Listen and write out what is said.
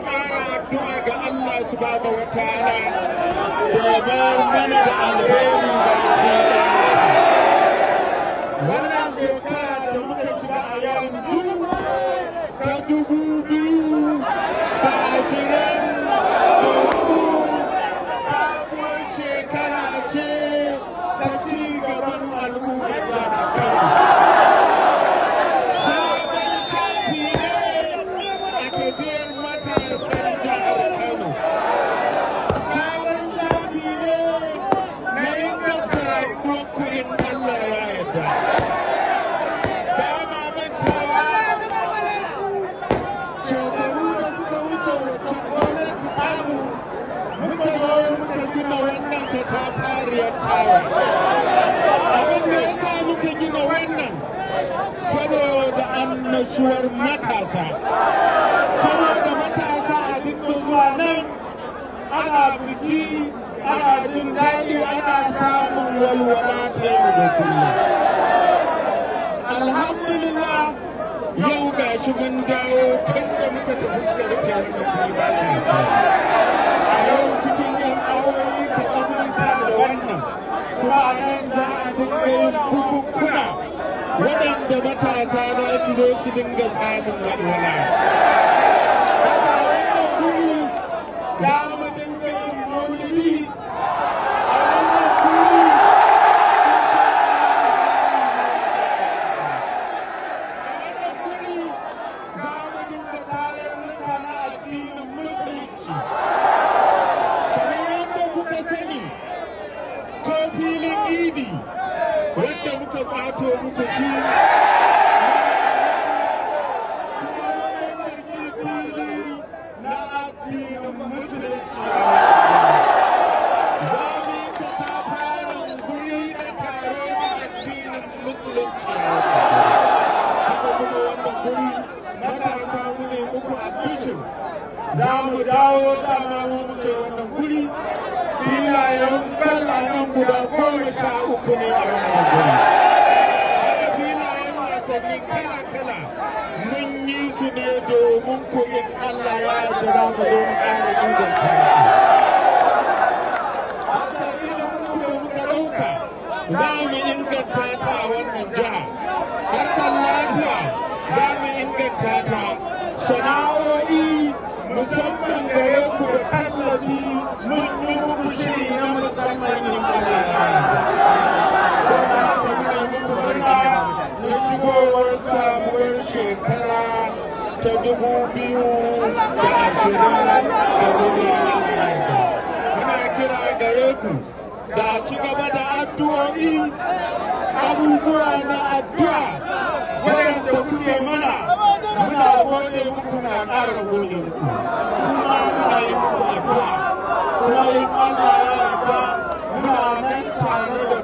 ƙara addu'a ga Allah subhanahu wa ta'ala ya bayar mana da alheri ba wannan shekara kabir matasan jihar kano sabon shafi ne na inganta rayuwarku in allah ya yarda ba ma mantawa shekaru da suka wuce wacce gwamnati tamu muka zo muka gina wannan katafariyar tawa abin da ya sa muka gina wannan saboda annashuwar matasa ana biki ana jin daɗi ana samun walwala ta yau da kullum alhamdulillah yau ga shi mun dawo tun da muka tafi suka rufe musu kuɗi ba a yau cikin yan awoyi ka tsamanta da wannan kuma a nan za a dinga yin bukukkuna waɗanda matasa za su zo su dinga samun walwala. Dama aiki kamar kuka sani ko filin idi wanda muke kwato muku za mu dawo dama mu muke wannan guri filayen kalla nan guda goma sha uku ne a wannan guri haka filayen wasanni kala kala mun yi su ne domin ku Allah ya yarda za mu zo mu ƙara inganta haka ilimin da muka ɗauka za mu musamman gare ku da tallafi mun yi muku shiri na musamman yin kalala. Kuma ta nuna sabuwar shekara ta dubu biyu da ashirin da kira gare ku da ci da addu'o'i abubuwa na addu'a wayanda yi muku na ƙara gode kuma muna yi muku kuma tare da